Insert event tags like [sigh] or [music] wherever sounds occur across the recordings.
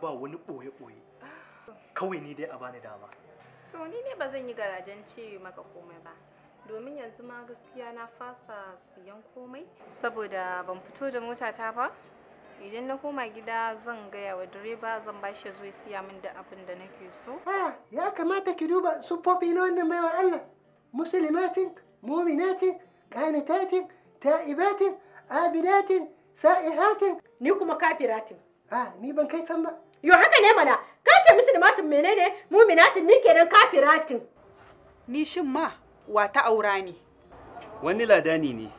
ba wani ɓoye-ɓoye kawai ni dai a bani dama so ni ne ba zan yi garajen ce maka komai ba domin yanzu ma gaskiya na fasa siyan komai saboda ban fito da motata ba idan na koma gida zan gaya wa direba zan ba shi zuwa siya min da abin da nake so ya kamata ki duba sufofi na wannan baiwar Allah muslimatin muminatin kanitatin ta'ibatin abidatin sa'ihatin ni kuma kafiratin a ah, ni ban kai can ba yo haka ne mana ka ce musulmatin menene muminatin ni kenan kafiratin ni shin ma wa ta aura ne wani ladani ne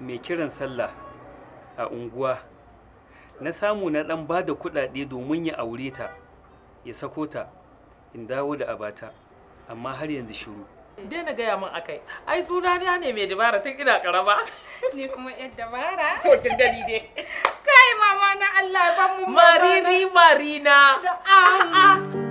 mai kiran sallah a unguwa na samu na dan ba da kuɗaɗe domin ya aure ta ya sako ta in dawo da abata amma har yanzu shiru daina gaya min akai ai sunana ne mai dabara tun ina karama ni kuma yadda dabara to kin gani dai [laughs] annabawa na Allah ban mu mariri marina a'a ah, ah, ah.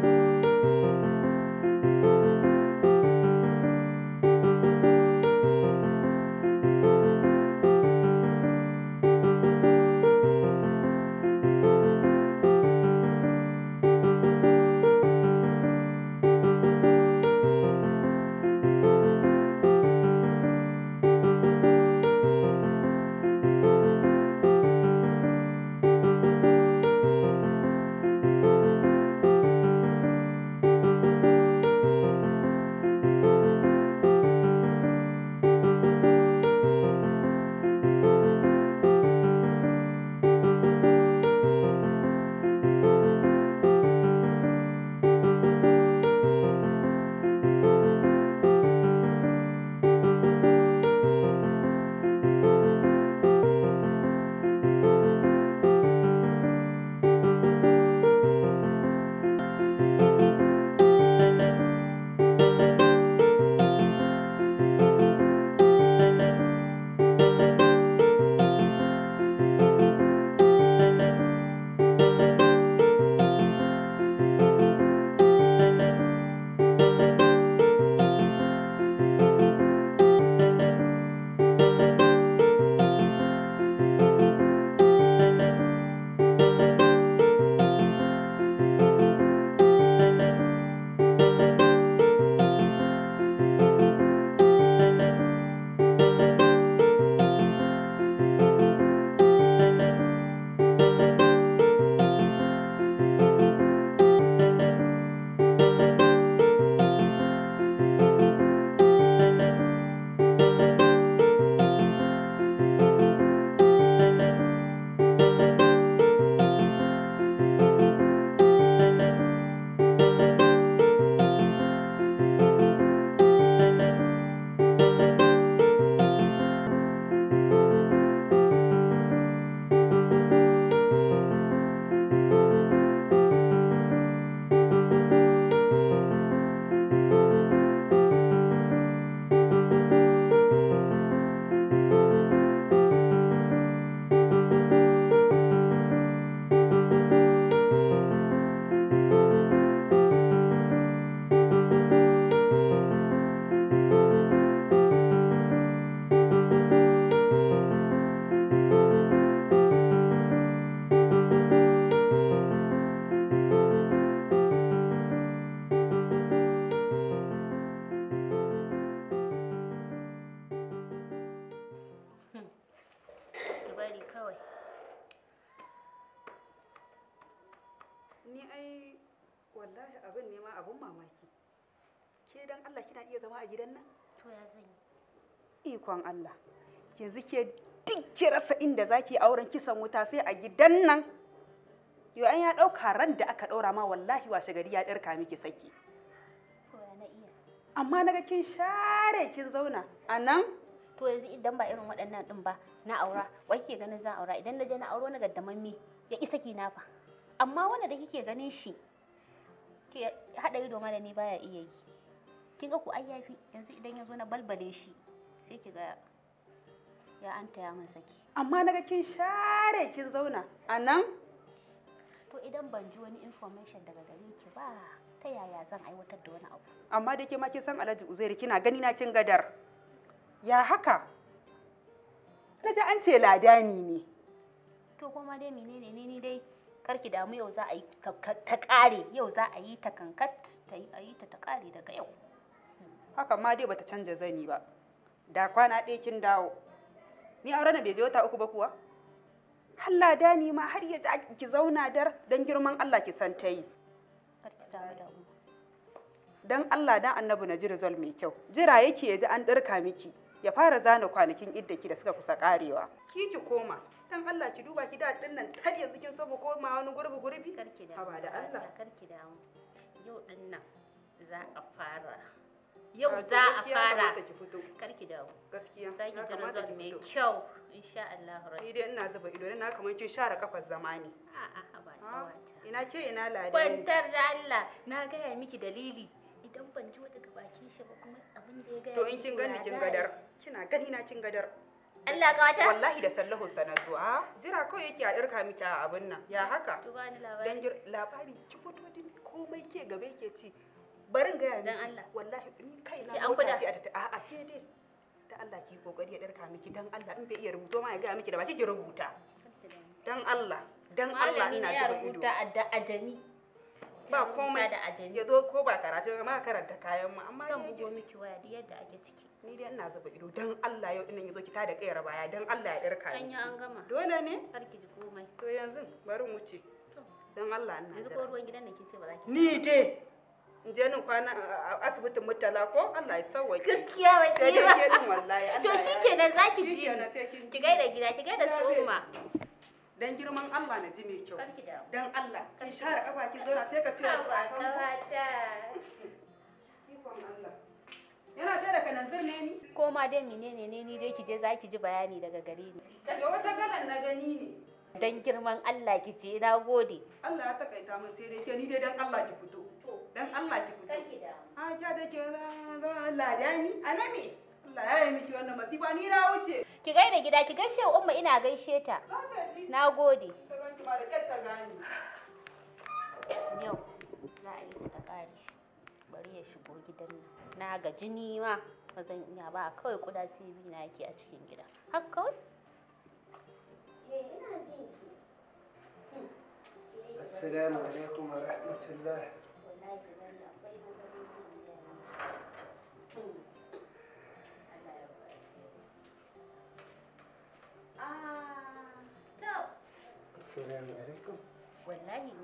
Allah yanzu ke duk rasa inda zaki auren kisan wuta sai a gidan nan yau an ya ɗauka ran da aka ɗaura ma wallahi washe gari ya ɗarka miki saki amma naga kin share kin zauna a nan to yanzu idan ba irin waɗannan ɗin ba na aura wai ke ganin zan aura idan na na auro na gaddamamme ya isa ki na fa amma wanda da kike ganin shi ke haɗa ido ma da baya iya yi kin ga ku ayyafi yanzu idan ya zo na balbale shi sai ki ga ya an taya min saki amma naga kin share kin zauna a nan to idan ban ji wani information daga gare ki ba ta yaya zan aiwatar da wani abu amma da ke ma kin san Alhaji Uzairi kina gani na cin gadar ya haka na ji an ce ladani ne to kuma dai menene ne ni dai karki damu yau za a yi ta kare yau za a yi ta kankat ta yi ta kare daga yau haka ma dai bata canja zani ba da kwana ɗaya kin dawo ni auren na bai je wata uku ba kuwa Allah da ni ma har ya ki zauna dar dan girman Allah ki san ta yi dan Allah dan annabi na ji result mai kyau jira yake ya ji an ɗirka miki ya fara zana kwanakin iddaki da suka kusa karewa ki ki koma dan Allah ki duba ki da din nan har yanzu kin so mu koma wani gurbi gurbi karki da Allah karki da yau din nan za a fara yau za a fara karki dawo gaskiya sai ki result mai kyau insha Allah ni dai ina zuba ido na kamar kin share kafar zamani a'a ba ah, ina ke ina Ladi? kwantar da Allah na gaya miki dalili idan ban ji wata bakin shi ba kuma abin da ya gaya to in kin gani kin gadar kina gani na kin gadar Allah ka wata wallahi da sallahu sanatu a jira ko yake a irka miki a abin nan ya haka dan labari ki fito din komai ke gabe ke ci barin gaya dan Allah wallahi in kai na an ce a a ke dai da Allah ki kokari ya darka miki dan Allah in bai iya rubuto ma ya gaya miki da ba kike rubuta dan Allah dan Allah ina ya rubuta da ajami ba komai ya zo ko ba karatu ma karanta kayan mu amma zan bugo miki waya da yadda ake ciki ni dai ina zuba ido dan Allah yau inan yazo ki ta da kayar baya dan Allah ya darka ni an gama dole ne sarki ki ji komai to yanzu bari mu ce dan Allah ina yanzu ko ruwan gidan ne kin ce ba za ki ni dai in je nin kwana a asibitin mutala ko Allah ya sauwake gaskiya wai sai dai ke din wallahi to shikenan zaki ji ki gaida gida ki gaida su umma dan girman Allah na ji mai kyau dan Allah ki share kafa ki zauna sai ka ce kawata Allah yana ce daga nazir ne ni ko ma dai menene ne ni dai ki je zaki ji bayani daga gare ni da wata galan na gani ne Dan girman Allah ki ce na gode. Allah ya takaita min sai dai ke ni dai dan Allah ki fito. Dan Allah ki fito. Kanki da. Ha ja da ke ni. Ana anami. Allah ya yi miki wannan masifa ni na wuce. Ki gaida gida ki gaishe umma ina gaishe ta. Na gode. Yau za a yi ta kare bari ya shigo gidan nan. Na ga jini ma ba zan iya ba kawai kuda CV na yake a cikin gida. Haka kawai. السلام عليكم ورحمة الله السلام عليكم والله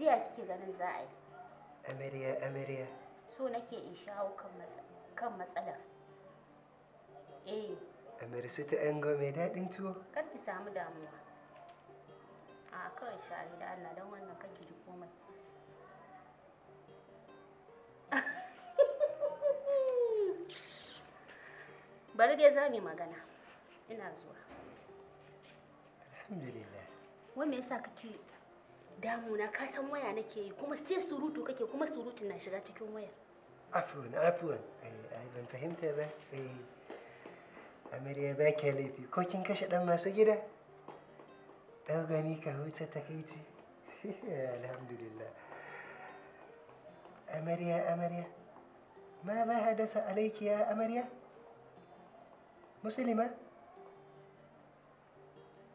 ya kike ganin za a yi nake in shawo kan matsalar kamar su ta ango gome daɗin tuwo? Kar ki samu damuwa. A kawai shari da Allah don wannan kan ki ji komai. [laughs] Bari dai za mu magana. Ina zuwa. Alhamdulillah. Wai me yasa kake damuna ka san waya nake yi kuma sai surutu kake kuma surutu na shiga cikin waya Afuwan, afuwan. Eh, ai, ban fahimta ba. Eh. amarya ba ki laifi ko kin kashe ɗan masu gida ɗau gani ka huce takaici [laughs] alhamdulillah amarya amarya ma za hadasa alaiki ya amarya musulma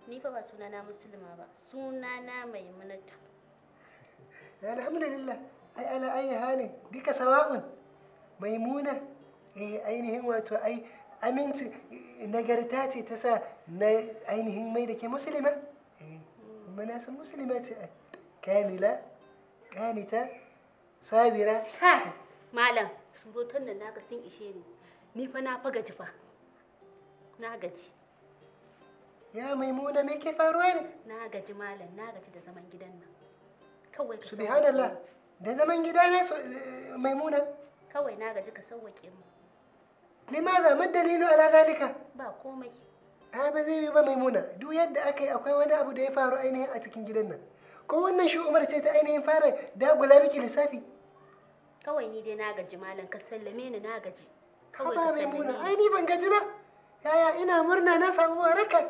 ni fa ba sunana musulma ba Suna na mai maimunatu [laughs] alhamdulillah ai ala ayi halin duka sawa'un maimuna eh ainihin wato ai aminci nagarta ce ta sa na ainihin mai da ke musulma eh, Mana sun musulma ce kamila kanita sabira ha malam surutan nan naka sun ishe ni ni fa na fa gaji fa na gaji ya maimuna mai ke faruwa ne na gaji malam na gaji da zaman gidan nan kawai ka subhanallah da zaman mai eh, maimuna kawai na gaji ka sauwake mu Ni ma dalilu ala zalika ba komai a ba zai yi ba maimuna duk yadda aka yi akwai wani abu da ya faru ainihin a cikin gidan nan ko wannan shi umar ce ta ainihin fara dagula miki lissafi kawai ni dai na gaji malam ka sallame ni na gaji kawai ka sallame ni ai ni ban gaji ba yaya ina murna na samu waraka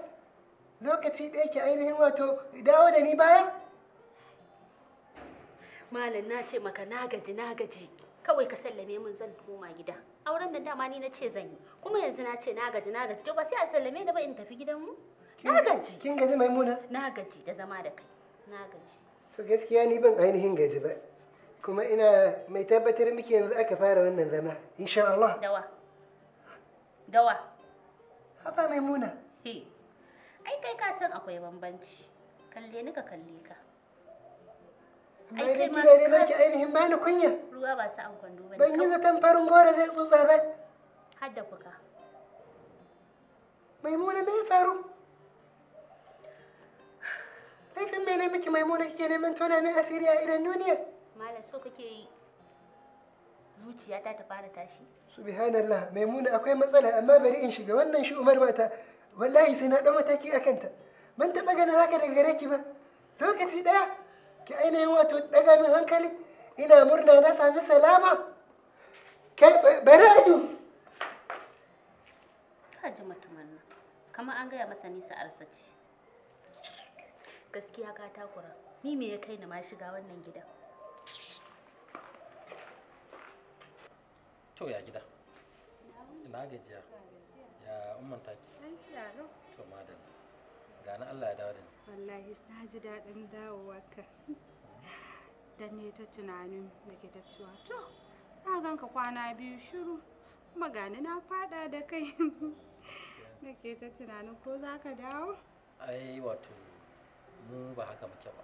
lokaci da yake ainihin wato dawo da ni baya malam na ce maka na gaji na gaji kawai ka sallame min zan koma gida auren nan dama ni na ce zan yi kuma yanzu na ce na gaji na gaji to ba sai a sallame ni ba in tafi gidan mu na gaji kin gaji maimuna na gaji da zama da kai na gaji to gaskiya ni ban ainihin gaji ba kuma ina mai tabbatar miki yanzu aka fara wannan zama insha Allah dawa dawa haba maimuna eh ai kai ka san akwai bambanci kalle ni ka kalle ka ai kai ma ne baki ainihin bani kunya ruwa ba su an kwando ban yi zaton farin gora zai tsutsa ba har da maimuna me ya faru laifin mai ne miki maimuna kike neman tona min asiri a idan duniya malam so kake yi zuciyata ta fara tashi subhanallah maimuna akwai matsala amma bari in shiga wannan shi umar mata wallahi sai na dau mataki akan ta ban taba ganin haka daga gare ki ba lokaci daya ki ainihin wato daga min hankali ina murna na sami salama kai bari a ji mutumin kamar an gaya masa nisa arsaci gaskiya ka takura ni me ya kai ni ma shiga wannan gidan to ya gida ina gajiya ya umman taki to madalla gani Allah ya dawo da ni wallahi na ji daɗin dawowarka dan ne ta tunanin da ke ta cewa to na ganka kwana biyu shiru kuma gani na fada da kai da ke ta tunanin ko za ka dawo ai wato mu ba haka muke ba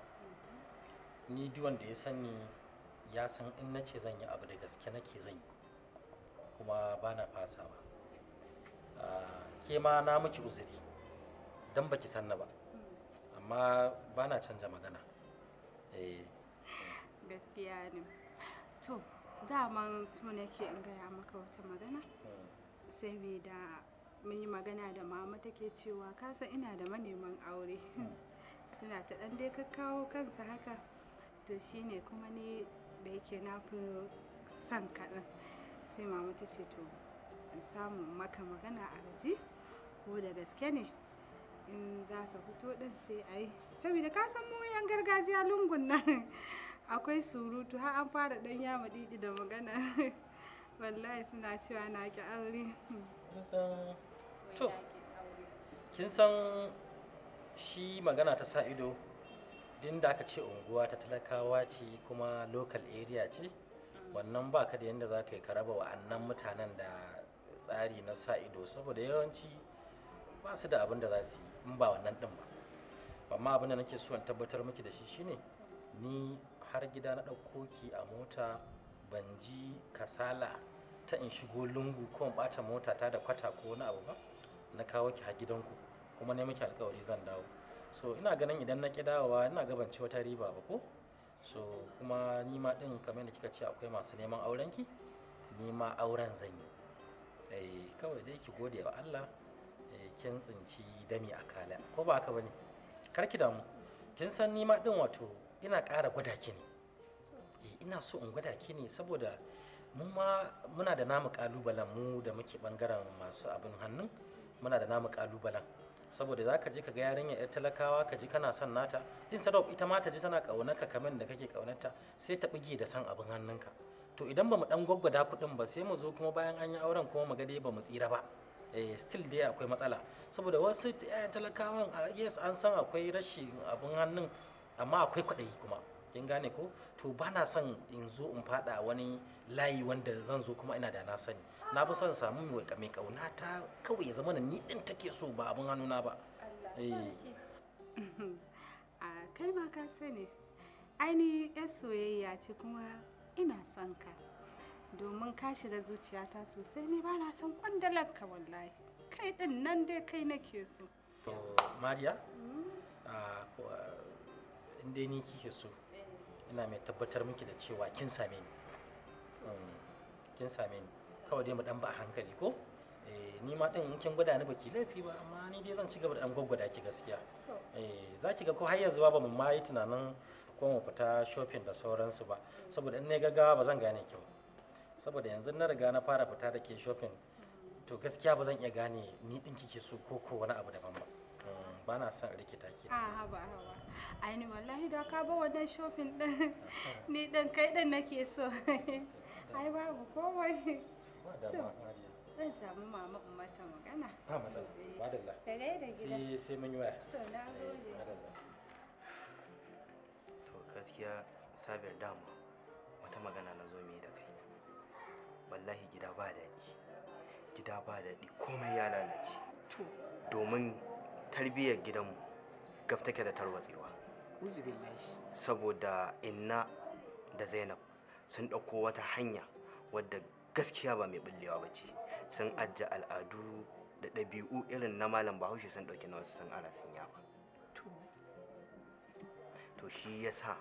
ni duk wanda ya sani ya san in na ce zan yi abu da gaske nake zan yi kuma ba na fasawa ah, ke ma na miki uzuri dan baki sanna ba amma ba na canja magana eh. gaskiya ne to daman so nake in gaya maka wata magana hmm. sai da mun yi magana da mama take cewa kasa ina da maneman aure hmm. [laughs] suna ta dan dai kakkawo kansa haka to shine kuma ni da yake na fi son kaɗan sai mama ta ce to samu maka magana a gaji ko da gaske ne in za ka fito din sai a yi saboda ka san mu yan gargajiya lungun nan [laughs] akwai surutu har an fara dan ya madidi da magana [laughs] wallahi suna cewa na ki aure to kin san shi magana ta sa ido din da aka ce unguwa ta talakawa ce kuma local area ce wannan baka da yadda za ka yi karaba wa'annan mutanen da tsari na sa ido saboda yawanci ba su da abin da za su yi in ba wannan din ba amma abin da nake so in tabbatar miki da shi shine ni har gida na ɗauko ki a mota ban ji kasala ta in shigo lungu ko in ɓata mota ta da kwata ko wani abu ba na kawo ki har gidanku kuma ne miki alkawari zan dawo so ina ganin idan na dawowa ina ci wata riba ba ko so kuma ni ma din kamar da kika ce akwai masu neman aurenki ni ma auren zan yi eh kawai dai ki gode wa Allah kin tsinci dami a kala ko ba haka bane ki damu kin san ni ma din wato ina ƙara gwada ki ne eh, ina so in gwada ki ne saboda mu ma muna da namu kalubalen mu da muke bangaren masu abin hannun muna da namu kalubalen saboda za ka je ka ga yarinya yar talakawa ka ji kana son nata in sadau ita ma ta ji tana ka kamar da kake ƙaunarta, sai ta bige da san abin hannunka to idan ba mu dan gwaggwada kuɗin ba sai mu zo kuma bayan an yi auren kuma mu ga dai ba mu tsira ba Eh, still dai akwai matsala saboda wasu yayan eh, talakawan ah, yes an san akwai rashin abin hannun amma akwai kwaɗayi kuma kin gane ko to ba na son in zo in fada wani layi wanda zan zo kuma ina da na sani na fi son samu mai mai kauna ta kawai ya zama na ni din take so ba abun hannuna ba eh. [laughs] ah, kai ma ka sani ainihin ya soyayya ce kuma ina son ka domin ka shiga zuciyata sosai ne ba na son ka wallahi kai din nan dai kai nake so mariya ah, in dai ni kike so ina mai tabbatar miki da cewa kin same ni mm, kin same ni kawai dai mu dan ba hankali ko eh ni ma in kin gwada ni baki laifi ba amma ni dai zan ci gaba da dan gwaggwada ki gaskiya eh za ki ga ko har yanzu ba mu ma yi tunanin ko mu fita shopping da sauransu ba saboda in ne gaggawa ba zan gane ki ba saboda yanzu na riga na fara fita da ke shopping to gaskiya ba zan iya gane ni din kike so ko ko wani abu daban ba mm, ba na son rikita ke ah, a ha ba aini wallahi da ka ba wannan shopping din [laughs] ni din kai din nake so [laughs] ai babu komai zan samu mama in mata magana ba matsala ba dalla sai sai mun yi waya to na gode eh, to gaskiya sabir dama wata magana na zo mi da kai wallahi gida ba daɗi gida ba daɗi komai ya lalace domin tarbiyyar gidanmu gaf take da tarwatsewa saboda inna da zainab sun ɗauko wata hanya wadda gaskiya ba mai ɓullewa ba ce sun ajiye al'adu da ɗabi'u irin na malam bahaushe sun ɗauki na wasu sun ara sun yaba to shi ya sa.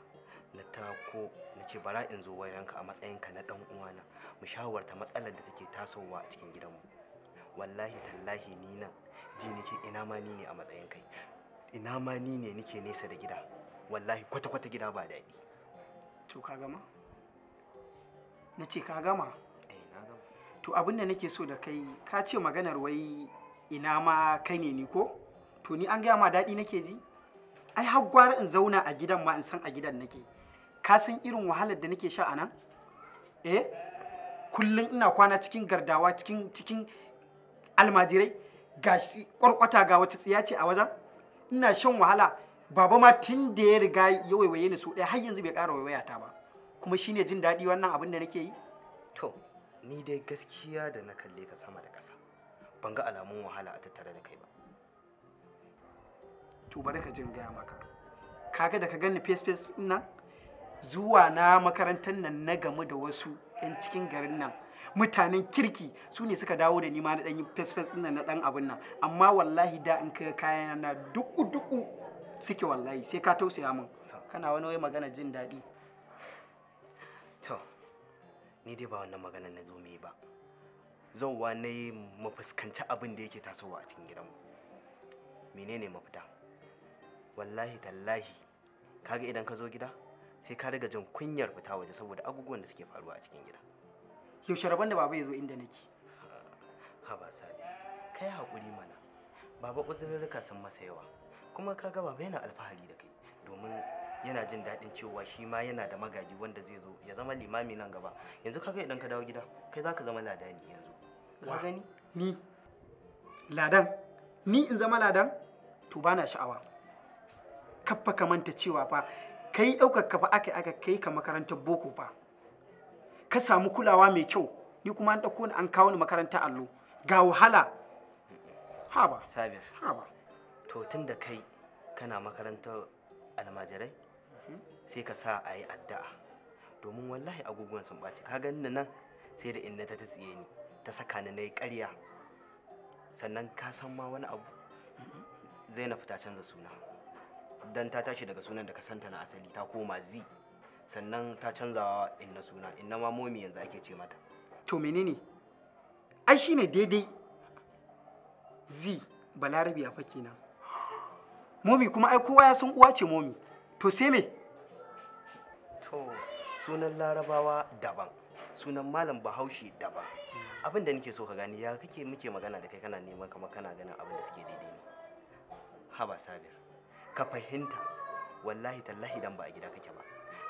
na tako na ce bara in zo wayanka a matsayinka na dan uwana mu shawarta matsalar da take tasowa a cikin gidanmu wallahi tallahi ni na, ji nake ina ma ni ne a matsayin kai ina ma ni ne nake nesa da gida wallahi kwata kwata gida ba daɗi to ka gama na ce ka gama eh na gama to abin da nake so da kai ka ce maganar wai ina ma kai ne ni ko to ni an gaya ma daɗi nake ji ai har gwara in zauna a gidan ma in san a gidan nake ka san irin wahalar da nake sha a nan eh kullum ina kwana cikin gardawa cikin cikin almajirai ga kwarkwata ga wata tsiya ce a wajen ina shan wahala baba ma tun da ya riga ya waiwaye ni su ɗaya har yanzu bai ƙara waiwaya ta ba kuma shine jin daɗi wannan abin da nake yi to ni dai gaskiya da na kalle ka sama da ƙasa ban ga alamun wahala a tattare da kai ba to bari ka jin gaya maka kaga da ka gani face face nan zuwa na makarantar nan na gamu da wasu 'yan cikin garin nan mutanen kirki su ne suka dawo da nima na ɗan fesfes ɗin na ɗan abin nan amma wallahi da in ka kayan na duku duku suke wallahi sai ka tausaya min kana wani wai magana jin daɗi to ni dai ba wannan magana na zo ba wa na yi mafuskanci abin da yake tasowa a cikin gidanmu menene mafita wallahi tallahi kaga idan ka zo gida sai ka riga jin kunyar fita waje saboda abubuwan da suke faruwa a cikin gida yaushe rabon da baba ya zo inda nake ha ba sabi kai hakuri mana baba uzurrurruka sun masa yawa kuma kaga baba yana alfahari da kai domin yana jin daɗin cewa shi ma yana da magaji wanda zai zo ya zama limami nan gaba yanzu kaga idan ka dawo gida kai zaka zama ladani yanzu ka gani ni ladan ni in zama ladan to bana sha'awa kaffa ka manta cewa fa kai ɗaukar ka fa aka aka kai ka makarantar boko fa ka samu kulawa mai kyau ni kuma an ɗauko ni an kawo ni makarantar allo ga wahala ba sabir ba to tunda kai kana makarantar almajirai mhm. sai ka sa a addu'a domin wallahi agogon sun ɓaci ka gani nan sai da inna ta tsiye ni ta saka ni na yi ƙarya sannan ka san ma wani abu mhm. Zai na fita canza suna dan ta tashi daga sunan da ka santa na asali ta koma zi sannan ta canzawa inna suna inna ma momi yanzu ake ce mata to menene ai shine daidai zi balarabi a fake na momi kuma ai kowa ya san uwa ce momi to sai me to sunan larabawa daban sunan malam bahaushe daban hmm. abin da nake so ka gani ya kake muke magana da kai kana neman kamar kana ganin abin da suke daidai ne haba sabir ka fahimta wallahi tallahi dan ba a gida kake ba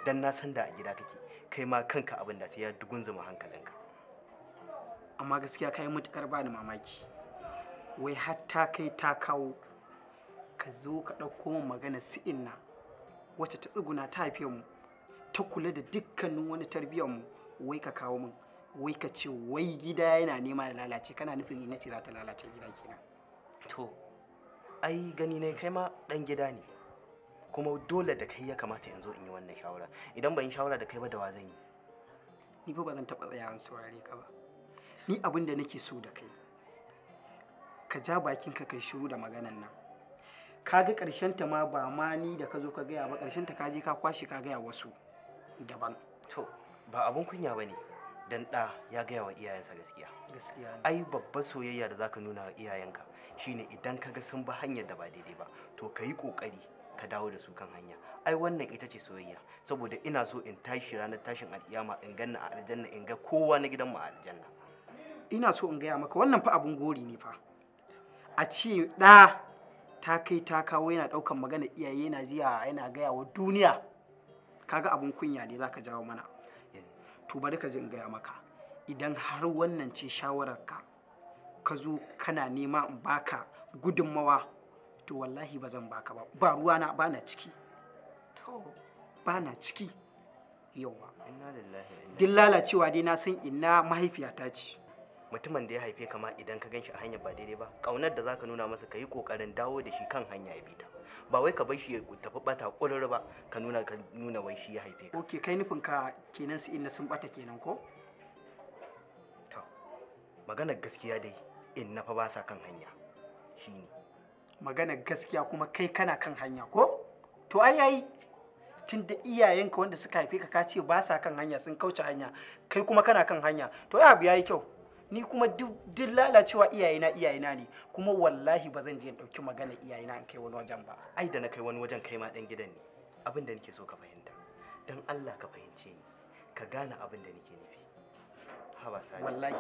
dan na san da a gida kake kai ma kanka abin da sai ya zuma hankalinka amma gaskiya kai mutukar ba ni mamaki wai hatta kai ta kawo ka zo ka ɗauko min magana si'inna wacce ta tsuguna ta haife mu ta kula da dukkanin wani tarbiyyar mu wai ka kawo min wai ka ce wai gida yana nema da lalace kana nufin ina ce za ta lalace gida kenan to ai gani ne kai ma dan gida ne kuma dole da kai ya kamata yanzu in yi wannan shawara idan ban yi shawara da kai ba da wa zan yi ni ba zan taɓa tsayawa saurare ka ba ni abin da nake so da kai ka ja ka kai shiru da maganan nan ka ga ƙarshen ta ma ba ma ni da ka zo ka gaya ba ƙarshen ta ka je ka kwashe ka gaya wasu daban to ba abun kunya ba ne dan ɗa ya gaya wa iyayensa gaskiya gaskiya ai babbar soyayya da zaka nuna wa iyayenka shine idan kaga sun bi hanyar da ba daidai ba to ka yi kokari ka dawo da su kan hanya ai wannan ita ce soyayya saboda ina so in tashi ranar tashin alƙiyama in ganna a aljanna in ga kowa na gidanmu a aljanna ina so in gaya maka wannan fa abun gori ne fa a ce ɗa ta kai ta kawo yana ɗaukan magana iyaye yana ziya yana gaya wa duniya kaga abun kunya ne zaka jawo mana to bari ka ji in gaya maka idan har wannan ce shawararka ka zo kana nema in baka gudunmawa to wallahi ba zan baka ba ba ruwana ba na ciki to ba na ciki yawa Din lalacewa dai na san ina mahaifiyata ce mutumin da ya haife kama idan ka ganshi a hanyar ba daidai ba kaunar da zaka nuna masa ka kokarin dawo da shi kan hanya ya ta ba wai ka bar shi ya tafi bata kururu ba ka nuna ka nuna wai shi ya haife ka okay kai nufin ka kenan su inna sun bata kenan ko to maganar gaskiya dai in na fa ba sa kan hanya shine magana gaskiya kuma kai kana kan hanya ko to ai yayi tun iyayenka wanda suka haife ka kace ba sa kan hanya sun kauce hanya kai kuma kana kan hanya to ya abu yayi kyau ni kuma duk lalacewa iyayena iyayena ne kuma wallahi ba zan je in ɗauki magana iyayena in kai wani wajen ba ai da na kai wani wajen kai ma ɗan gidan ne abin da nake so ka fahimta don Allah ka fahimce ni ka gane abin da nake nufi ha ba wallahi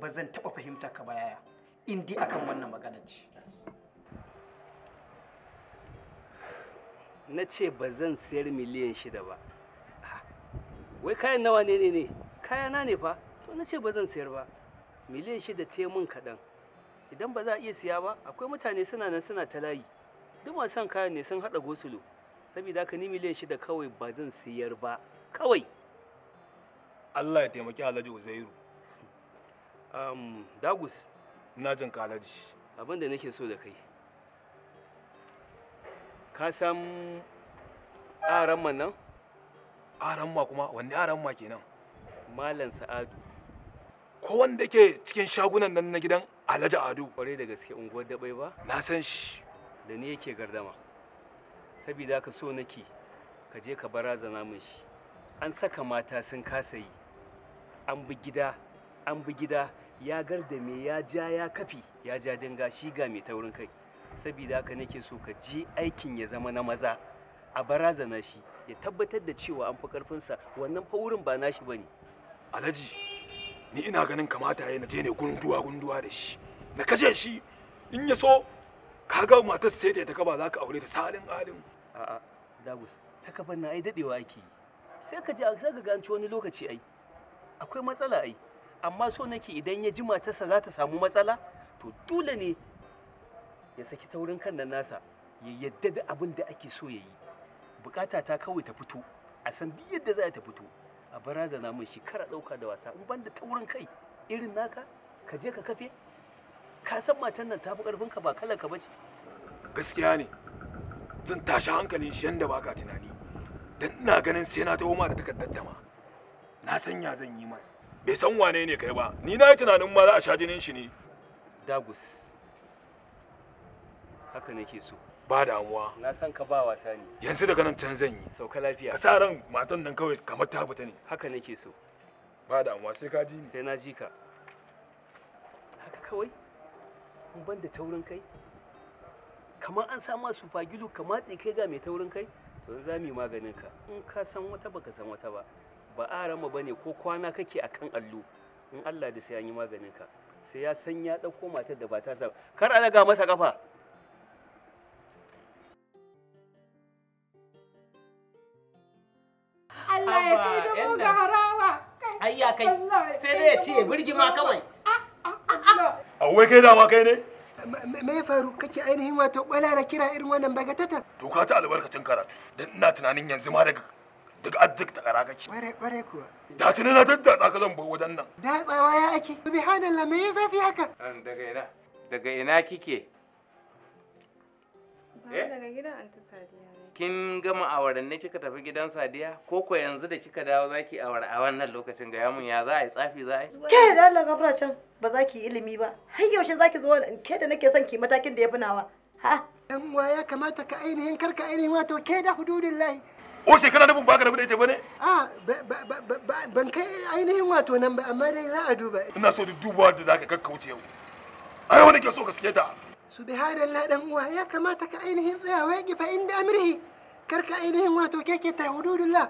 ba zan taɓa fahimta ka ba yaya akan wannan magana ce na ce ba zan sayar miliyan shida ba wai kayan nawa ne ne ne kayana ne fa to na ce ba zan sayar ba miliyan shida te mun kaɗan idan ba za a iya siya ba akwai mutane suna nan suna ta layi duk masu son kayan ne sun haɗa gosulo saboda haka ni miliyan shida kawai ba zan sayar ba kawai Allah ya taimaki Alhaji Uzairu um, dagus ina jin kalaji abin da nake so da kai ka san aran man nan aran ma kuma wanne aran ma kenan malam sa'adu ko wanda yake cikin shagunan nan na gidan alhaji ado kwarai da gaske unguwar dabai ba na san shi da ni yake gardama saboda ka so nake ka je ka barazana min shi an saka mata sun kasa yi an bi gida an bi gida ya me ya ja ya kafi ya ja danga shi ga mai taurin kai saboda haka nake so ka ji aikin ya zama na maza a barazana shi ya tabbatar da cewa an fi karfinsa wannan fa wurin ba nashi bane alhaji ni ina ganin kamata ya je ne gunduwa gunduwa da shi na kashe shi in ya so ka ga matar sai da ta kaba za ka aure ta salin alin a'a dagus ta kaban na ai dadewa ake yi sai ka ji sai ka ci wani lokaci ai akwai matsala ai amma so nake idan ya ji matarsa za ta samu matsala to dole ne ya saki taurin kan nan nasa ya yadda da abin da ake so ya yi bukata ta kawai ta fito a san duk yadda za ta fito a barazana min shi kara dauka da wasa in banda da taurin kai irin naka ka je ka kafe ka san matan nan tafi karfin ka ba kalar ka bace gaskiya ne zan tashi hankalin shi yanda baka tunani dan ina ganin sai na taho ma da takaddama na sanya zan yi masa bai san wane ne kai ba ni na yi tunanin ma za a sha jinin shi ne dagus haka nake so ba damuwa na san ka ba wasa ne yanzu daga nan can zan yi sauka lafiya ka sa ran matan nan kawai kamar ta fita ne haka nake so ba damuwa sai ka ji ni sai na ji ka haka kawai in ban da taurin kai kamar an sama su fagilu ka matse kai ga mai taurin kai to za mu yi maganin ka in ka san wata baka san wata ba ba a rama ne ko kwana kake akan allo in Allah da sai an yi maganin ka sai ya san ya ɗauko matar da ba ta sa kar a daga masa kafa Allah ya kai da mu harawa ai ya kai sai dai ya ce ma kawai a wai kai dama kai ne me ya faru kake ainihin wato na kira irin wannan bagatata to ka ta albarkacin karatu don ina tunanin yanzu ma daga Duk arzik ta kara kake bare bare kuwa da tuni na daddatsa ka zan bar wajen nan da tsawa ya ake subhanallah me ya zafi haka daga ina daga ina kike eh? daga gidan anti sadiya kin gama ne kika tafi gidan sadiya ko ko yanzu da kika dawo zaki awar a wannan lokacin ga yamun ya za a yi tsafi za a yi ke da Allah gafara can ba za ki ilimi ba har yaushe zaki zo ke da nake son ki matakin da ya fi nawa ha dan ya kamata ka ainihin karka ainihin wato ke da hududillahi o shekara dubu ba ka rabu da ita bane a ban kai ainihin wato nan ba amma dai za a duba ina so da dubawa da zaka kakkauce yau ai wani ke so ka sike ta subhanallah dan uwa ya kamata ka ainihin tsayawa ya gifa inda amrihi karka ainihin wato keke ta hududullah